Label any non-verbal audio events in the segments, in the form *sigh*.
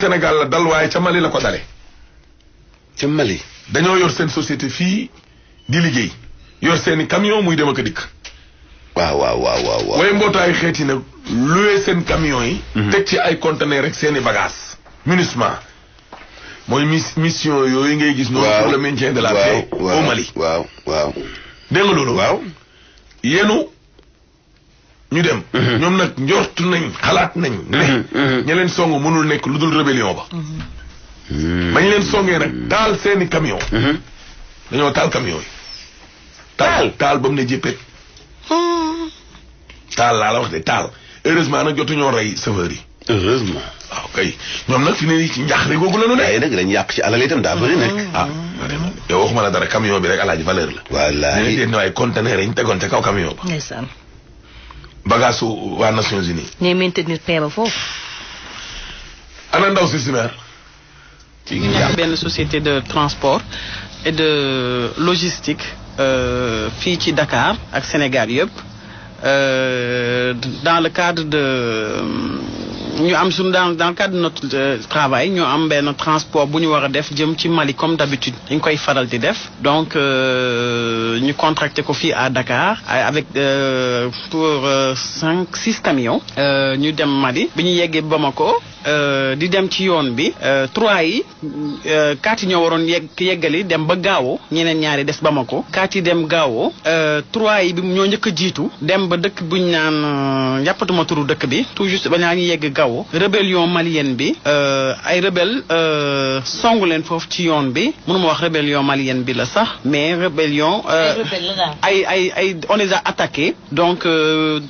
Sénégal la dal waaye ca Mali la ko dale ca Mali dañoo yor seen société fii di liggéey yor seeni camion muy dem ak a dikk waaw waaw waaw waaw waaye mbootaayu xeet yi nag luwee seen camion yi mhm. teg ci ay conteneur rek seeni bagages munissement mooy miss mission yooyu ngay gis noonu pour de la paix au waaw waaw loolu waaw yenu ñu dem. Mhm. ñoom nag njort nañ xalaat nañ. ne mhm. Mhm. ña leen song mënul nekk lu dul rébellion ba. bañ leen songee nag taal seeni camion dañoo taal camion yi. taal taal ba mu ne jëppet. Hmm. taal laa la wax de taal heureusement nag jotuñoo rey chauffeur yi. heureusement. waaw kay ñoom nag fi ne ci googu la ñu ne. waaye nag dañuy yàq ci alal itam daa bëri nekk. Hmm. ah yow waxuma la dara camion bi rek alaaji valeur la. wallaahi ne leen waaye conteneur yi ñu tegoon ca kaw camion ba. ndeysaan. bagage wa Nations Unies. ñooy maintenir paix ba foofu. ana ndaw si si maire. ñu société de transport et de logistique euh, fi ci Dakar ak Sénégal euh dans le cadre de nous avons dans, le cadre de notre euh, travail, nous avons fait notre transport pour nous def djem ci Mali comme d'habitude. Nous avons fait def. Donc, euh, nous contractons Kofi à Dakar avec euh, pour 5-6 euh, camions. Euh, nous avons Mali. Nous avons Bamako. Euh, di dem ci yoon bi euh, trois yi euh, quatre yi ñoo waroon yegg yeggali dem ba gaawo ñeneen ñaari des Bamako quatre yi dem gaawo trois yi bi ñoo njëkk a jiitu dem ba dëkk buñ naan yàppatuma turu dëkk bi tout juste ba ñaa ñu yegg gaawo rébellion malien bi ay rebelle songu leen foofu ci yoon bi mënuma wax rébellion malien bi la sax mais rébellion ay ay ay on les a attaqué donc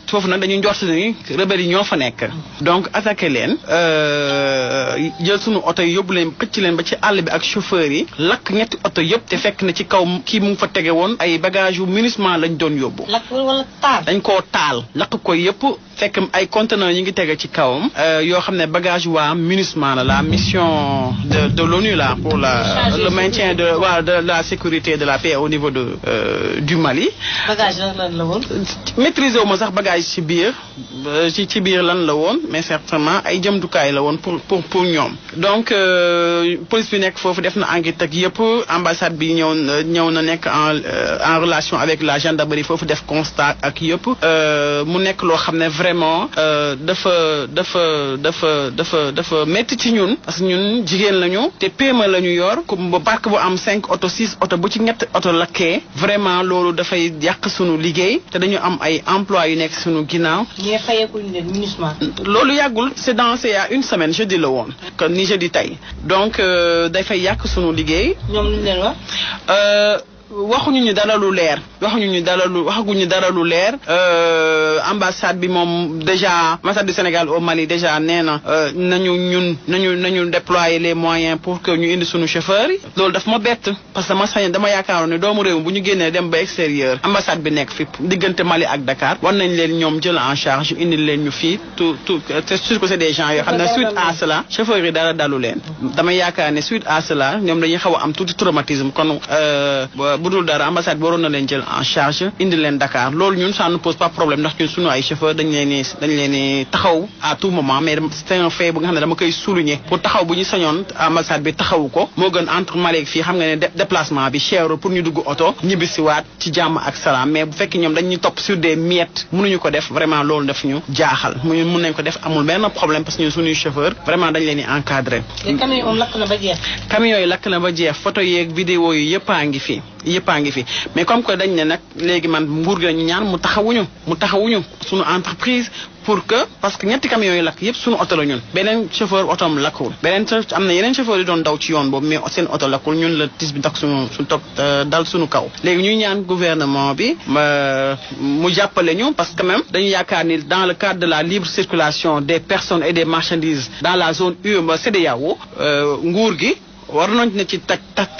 foofu nag dañu njort ni rebelle yi ñoo fa nekk mm. donc attaqué leen Euh, jël sunu oto yi yóbbu leen xëcc leen ba ci àll bi ak chauffeur yi lakk ñetti oto yëpp te fekk na ci kaw kii mu fa tege woon ay bagage yu munissement lañ doon yóbbu. lakk wala taal. dañ koo taal lakk ko yëpp fekk ay conteneurs ñu ngi tege ci kawam. Euh, yoo xam ne bagage waa munissement la la mission de de l'ONU la pour la le maintien de waaw de la sécurité de la paix au niveau de euh, du Mali. bagage lan la woon. maîtriser ma sax bagage ci biir ci ci biir lan la woon mais certainement ay jëmtukaay pour pour donc euh, police bi de def na enquête de ambassade euh, en relation avec la gendarmerie de def constat ak de euh, mu de de vraiment dafa dafa dafa de dafa de e am cinq auto six auto bu ci ñett vraiment de dafay de sunu liggéey dañu am ay emploi yu de de c'est dans c'est une semaine, je dis le one, je Niger taille Donc, euh, d'ailleurs, il y a que ce nous liguer. Euh, waxuñu ñu dara lu leer waxuñu ñu dara lu waxaguñu dara lu leer ambassade bi moom déjà ambassade du Sénégal au Mali déjà nee na nañu ñun nañu nañu déployer les moyens pour que ñu indi suñu chauffeur yi loolu daf ma bett parce que ma sañ dama yaakaaroon ne doomu réew bu ñu génnee dem ba extérieur ambassade bi nekk fi diggante Mali ak Dakar war nañ leen ñoom jël en charge indi leen ñu fii tout tout c'est sûr que c'est des gens yoo xam ne suite à cela chauffeur yi dara dalu leen dama yaakaar ne suite à cela ñoom dañuy xaw a am tuuti traumatisme kon bu dul dara ambassade bi waroon na leen jël en charge indi leen loolu ñun ça ne pose pas problème ndax ñun suñu ay chauffeur dañ leen ni dañ leen taxaw à moment mais c'est un fait bu nga xam ne dama koy souligner pour taxaw bu ñu sañoon ambassade bi taxawu ko moo gën entre Malek fii xam nga ne déplacement bi cher pour ñu dugg oto ñibbisiwaat ci jàmm ak salaam mais bu fekk ñoom dañ ñu topp sur des miettes mënuñu ko def vraiment loolu daf ñu jaaxal mu mun nañ ko def amul benn problème parce que ñun suñuy chauffeur vraiment dañ leen di encadré camion yi lakk na jeex photo yeeg vidéo yi yëpp a ngi fi yëppaa fi mais comme quoi dañ ne nag léegi man nguur gi lañu ñaan mu taxawuñu mu taxawuñu suñu entreprise pour que parce que ñetti camion yu lakk yëpp suñu auto la ñun benen chauffeur auto lakkul beneen benen amna yenen chauffeur yu doon daw ci yoon boobu mais seen oto lakkul ñun la tis bi tax suñu suñu top dal suñu euh, kaw légui ñuy ñaan gouvernement bi mu jàppale ñu parce que même dañu yaakaar ni dans le cadre de la libre circulation des personnes et des marchandises dans la zone UE CEDEAO euh, nguur gi war nañ ne ci teg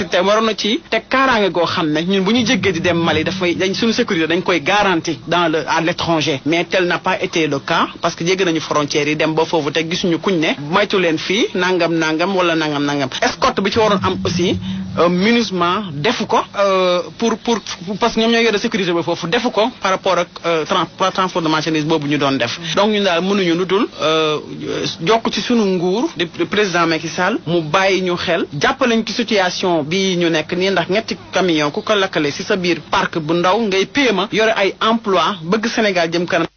te waroon na ci teg kaaraange goo xam ne ñun bu ñu jéggee di dem Mali dafay dañ suñu sécurité dañ koy garantie dans le à l'étranger mais tel n'a pas été le cas parce que jégg nañu frontières yi dem ba foofu te gisuñu kuñ ne moytu leen fii nangam nangam wala nangam nangam escorte bi ci waroon am aussi Euh, MINUSMA defu ko euh, pour pour parce que ñoom ñoo yore sécurité ba foofu defu ko par rapport ak euh, trans transport de marchandise boobu ñu doon def. Mm. donc ñun daal mënuñu lu dul jokk ci sunu nguur di président Macky Sall mu bàyyi ñu xel jàppaleñ ci situation bi ñu nekk nii ndax ñetti camion ku ko lakkale si sa biir parc bu ndaw ngay PME yore ay emploi bëgg Sénégal jëm kanam.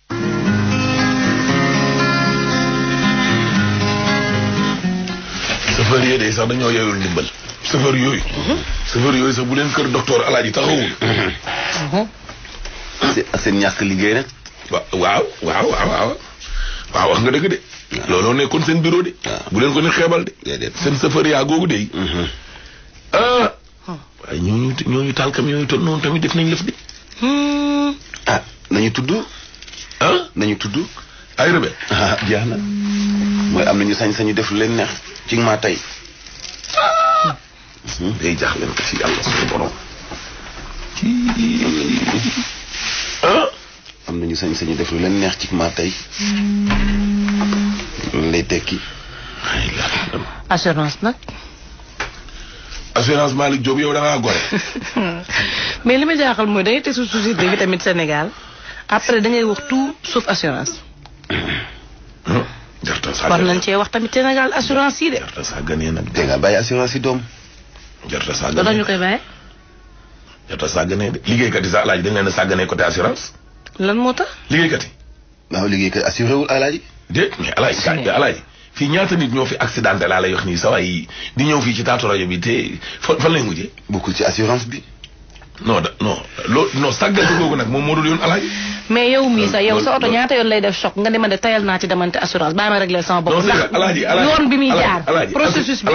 chauffeur yi sax dañoo yeyul ndimbal. chauffeur yooyu. chauffeur yooyu sax bu leen kër docteur Alaaji taxawul. ak seen ñàkk liggéey rek. waaw waaw waaw waaw waaw wax nga dëgg de. looloo nekkoon seen bureau de. bu leen ko ne xeebal de. seen chauffeur yaa googu de. Mm-hmm. Ah. ah. waaye ñooñu ñooñu taal yooyu noonu tamit def nañ lëf de. Hmm. ah nañu tudd. ah nañu tudd. ay rebe. ah jeex na mooy am nañu sañ-sañu def leen neex ci maa tey. day jaaxle nag si yàlla suñu nañu sañ-sañu def lu leen neex ci ma hmm. lay tekki. assurance nag. assurance Malick Diop yow da ngaa gore. *laughs* mais li ma jaaxal mooy da ngay teg société bi tamit Sénégal après da ngay wax tout sauf assurance. Hmm. war nañ cee wax tamit Sénégal assurance yi de. jarta saa gënee nag. dégg nga bàyyi assurance yi doom. jarta sàgganee danañu koy bàyyi. jarta sàgganee de liggéeykat yi sax alaaji dañ leen a sàgganee côté assurance. lan moo tax. liggéeykat yi. waaw liggéey assuré wul alaaji. déet mais alaaji kaay alaaji fii ñaata nit ñoo fi accidenté laa lay wax nii saa waay di ñëw fii ci taatu rajo bi te fan fan lay mujjee. bokkul ci assurance bi. no da non loo non sàggal ko googu nag moom moo mais yow mii sax yow sa oto yoon lay def choc nga ne ma de tayal naa ci demante assurance baa ma réglé sama bopp. non ndax yoon bi muy jaar processus bu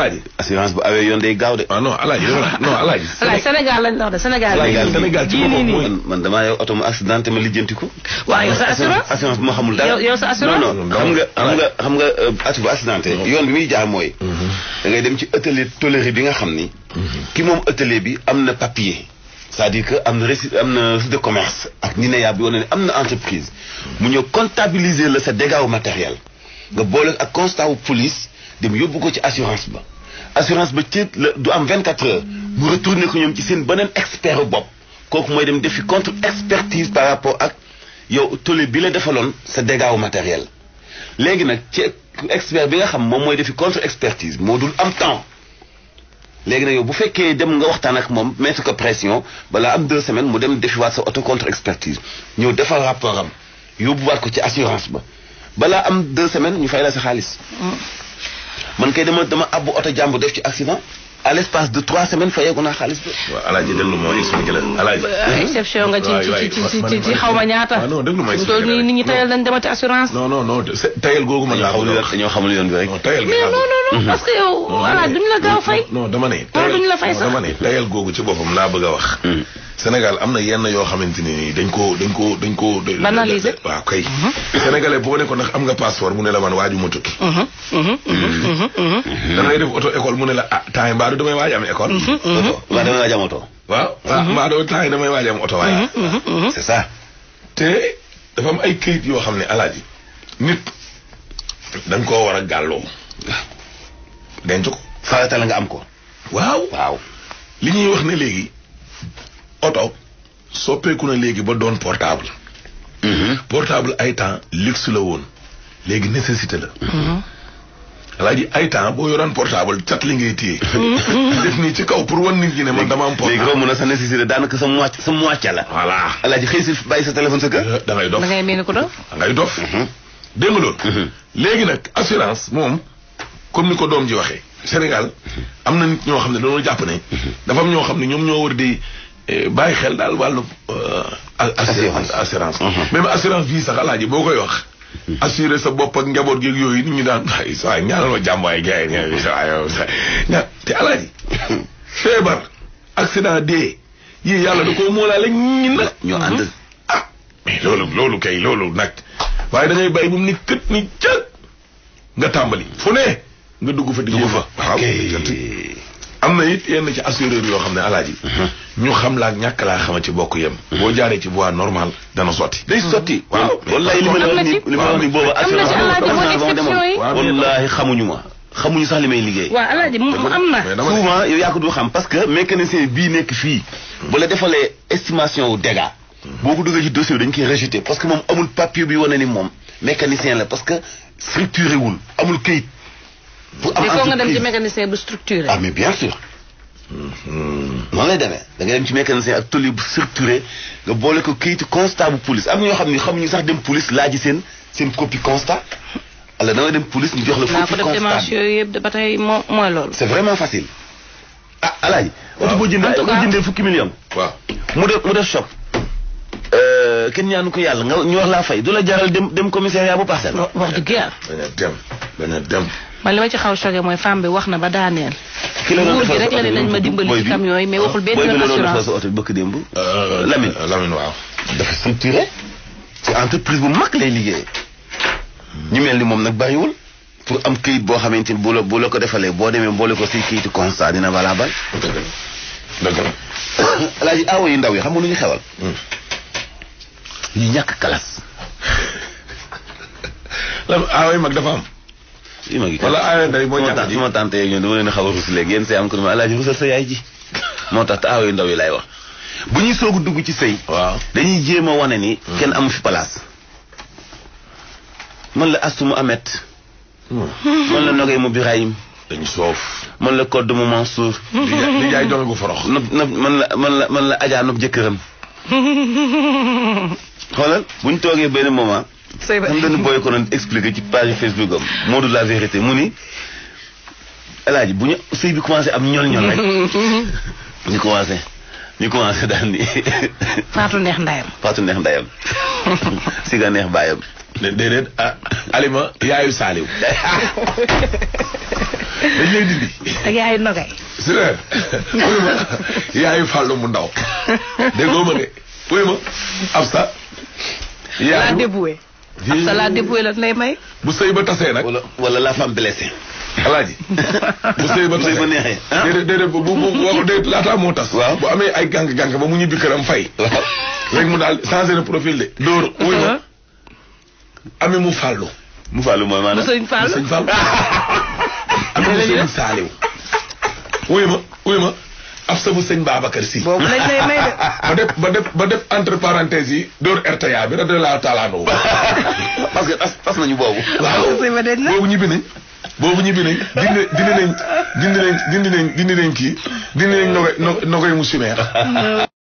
awee yoon day gaaw de. ah non alaay non alaay. *laughs* alaay Sénégal lañ la wax de man damaa yow oto mu accidenté ma lijjanti ko. waaw yow sa assurance assurance bu ma xamul dara. yow sa assurance non non xam nga euh, yoon bi muy jaar mooy. Mhm. ngay dem ci atelier toléré bi nga xam ni. Mhm. ki moom atelier bi am na papier c'est-à-dire que am na registre am na de commerce ak NINEA bi wane ne am na entreprise mu ñëw comptabiliser ces sa dégâts matériel nga boole ak constat wu police dem yóbbu ko ci assurance ba assurance ba ci du am 24 heures mu retourné ko ñoom ci seen beneen expert Bob, kooku mooy dem defi contre expertise par rapport ak yow les bi la defaloon sa dégâts au matériel léegi nag ci expert bi nga xam moom mooy defi contre expertise moo dul am temps léegi nag yow bu fekkee dem nga waxtaan ak moom mettre ko pression balaa am deux semaines mu dem defiwaat sa oto contre expertise ñëw defal rapport am waat ko ci assurance ba balaa am deux semaines ñu fay la sa xaalis. Mm. man kay dama dama abbu oto jàmbur def ci accident. à l'espace de trois semaines fayeeku naa xaalis bi. waaw Alaaji déglu ma expliqué la euh, Alaaji. Euh, exception nga ci ci ci ci xaw ma ñaata. non déglu ma expliqué la nit ñi tayal dañ demati assurance. non non non tayal googu man laa ko wax dañoo xamul yoon bi rek. non tayal mais non non mhm. parce que yow. voilà duñ la gaaw fay. non dama ne. tayal duñ la fay sax dama ne tayal googu ci boppam laa bëgg a wax. Mhm. Sénégal am na yenn yoo xamante ne nii dañ koo dañ koo dañ koo. banaliser waaw kay. Mhm. sénégalais boo ko ndax am nga passeport mu ne la man waaju ma tukki. da ngay def auto école mu ne la ah temps Mbaa du damay waaj am école. Mbaa mhm, mhm. damay waaj am oto. waaw Mbaa mhm. ah, du temps damay waaj am oto waaye. c'est ça. te dafa am ay këyit yoo xam ne alaaji koo war a gàlloo. denc ko. farata la nga am ko. waaw waaw. li ñuy wax ne léegi oto soppeeku na léegi ba doon portable. portable ay temps luxe la woon léegi nécessité la. alaaji ay temps boo yoroon portable cat li ngay téye. Mm-hmm. def nii ci kaw pour wan nit ñi ne man dama am portable. léegi romb na sa nécessité daanaka sa mu wàcc sa mu wàcc la. voilà alaaji xëy si bàyyi sa téléphone sa kër. Eh, da ngay dof da ngay mel ni ko dof. da ngay mm-hmm. mm-hmm. léegi nag assurance moom comme ni ko doom ji waxee. Sénégal am na nit ñoo xam ne dañoo jàpp ne. dafa am ñoo xam ne ñoom ñoo war di eh, bàyyi xel daal wàllu. Euh, assurance assurance. même assurance vie sax alaaji boo koy wax. assuré sa bopp ak njaboot geeg yooyu nit ñi daan ay saa ma jàmm ay gars yi saa yow saa ña te alaaji feebar accident dee yii yàlla da koo moolaale ñi na ñu ànd mm-hmm. ah mais loolu loolu kay loolu nag waaye da ba bàyyi ni kët ni cëg nga tàmbali fu ne nga dugg fa dugg fa waaw am na it yenn ci assureur yoo xam ne alaaji mhm. ñu xam laa ñàkk laa xama ci bokk yem mhm. boo jaaree ci voie normale dana sotti day sotti mhm. waaw wallahi li ma la ni li ma la ni booba sax li may liggéey waaw alaaji mu am na souvent yow du xam parce que mécanicien bii nekk fii bu la defalee estimation wu dégâts boo ku duggee ci dossier bi dañ koy rejeté parce que moom amul papier bi wane ni moom mécanicien la parce que structuré wul amul kayit pour am entreprise nga dem ci mécanicien bu structuré. ah mais bien sûr. Mm-hmm. noonu lay demee da nga dem ci mécanisien ak toli bu structuré nga boole ko kayitu constat bu police am na ñoo xam ne xamuñu sax dem police laaji seen seen copie constat. alors da nga dem police ñu jox la. copie constat naa ko yooyu yëpp ba tey moo mooy loolu. c'est vraiment facile. ah Alaaji. waaw boo jëndee boo jëndee fukki million. waaw mu def mu def shop. Euh, kenn ñaanu ko yàlla nga ñu wax laa fay du la jaral dem dem commissariat bu parcelle. wax dëgg yàlla. bañ a dem bañ dem. man ma ci xaw choqué mooy femme bi wax na ba daaneel. ki la doon defar rek dimbali ci camion yi mais waxul benn yoon assurance sa oto bi bëkk démb. Euh, euh, waaw. dafa structuré ci entreprise bu mag lay liggéey ñu mel ni moom nag bariwul pour am këyit boo xamante ni bu la ko defalee boo demee boole ko si këyitu constat dina valable. dëgg la dëgg la. *coughs* laaj awo yu ndaw yi xam nga lu ñu xewal. Hmm. ñu ñàkk kalas. *laughs* lan yi mag dafa fii ma ngi. wala ah, ay ndey boo ñàkk ji su a xaw a rus léegi yéen say am ko ne ma alaaji rusal sa yaay ji moo tax te aaw ndaw yi lay wax bu ñuy soog a dugg ci sëy waaw dañuy jéem a wane ni. Hmm. kenn amu fi place. man la astu mu amet. Hmm. man la nogay mu birayim. dañu soof. man la kodd mu Mansour. di jaay di gu forox. man la man la man la Adja nopp jëkkëram. *laughs* xoolal bu ñu toogee benn moment. Kam den nou boy konon eksplege ki page Facebook om Modou la verite Mouni Eladji, sou yi bi koumanse ap nyol nyol Ni koumanse Ni koumanse dan ni Patoun nek mdayem Patoun nek mdayem *laughs* Sigan nek bayem Denet, ah, aleman, yayou salew *laughs* Denet, aleman, yayou salew Senen Yayou falon moun daw *laughs* Degoumane Apsa Yayou ab salade dépouillé la lay may. bu sëy ba tasee nag. wala wala la femme blessée. alaaji *laughs* bu sëy ba tasee bu sëy ba neexee. Ah. déedéet déedéet bu bu bu déedéet laataa moo tas. waaw bu amee ay gànk gànk ba mu ñibbi këram fay. waaw léegi mu daal changé na profil de. dóor wuy ma uh-huh. amee mu fàllu. mu fàllu mooy maanaam mu sëñ fàllu mu sëñ fàllu. *laughs* amee mu sëñ saaliw. wuy ma wuy ma. af sa bu sëñ Babacar Si. boobu lañ lay may *laughs* ba def ba def ba def entre parenthèses yi. dóor RTA bi radiyallaahu taala *laughs* a parce que tas tas nañu boobu. waaw boobu ñibbi nañ. boobu ñibbi nañ dindi dindi nañ dindi nañ dindi nañ kii dindi nañ nogoy nogoy mu *laughs*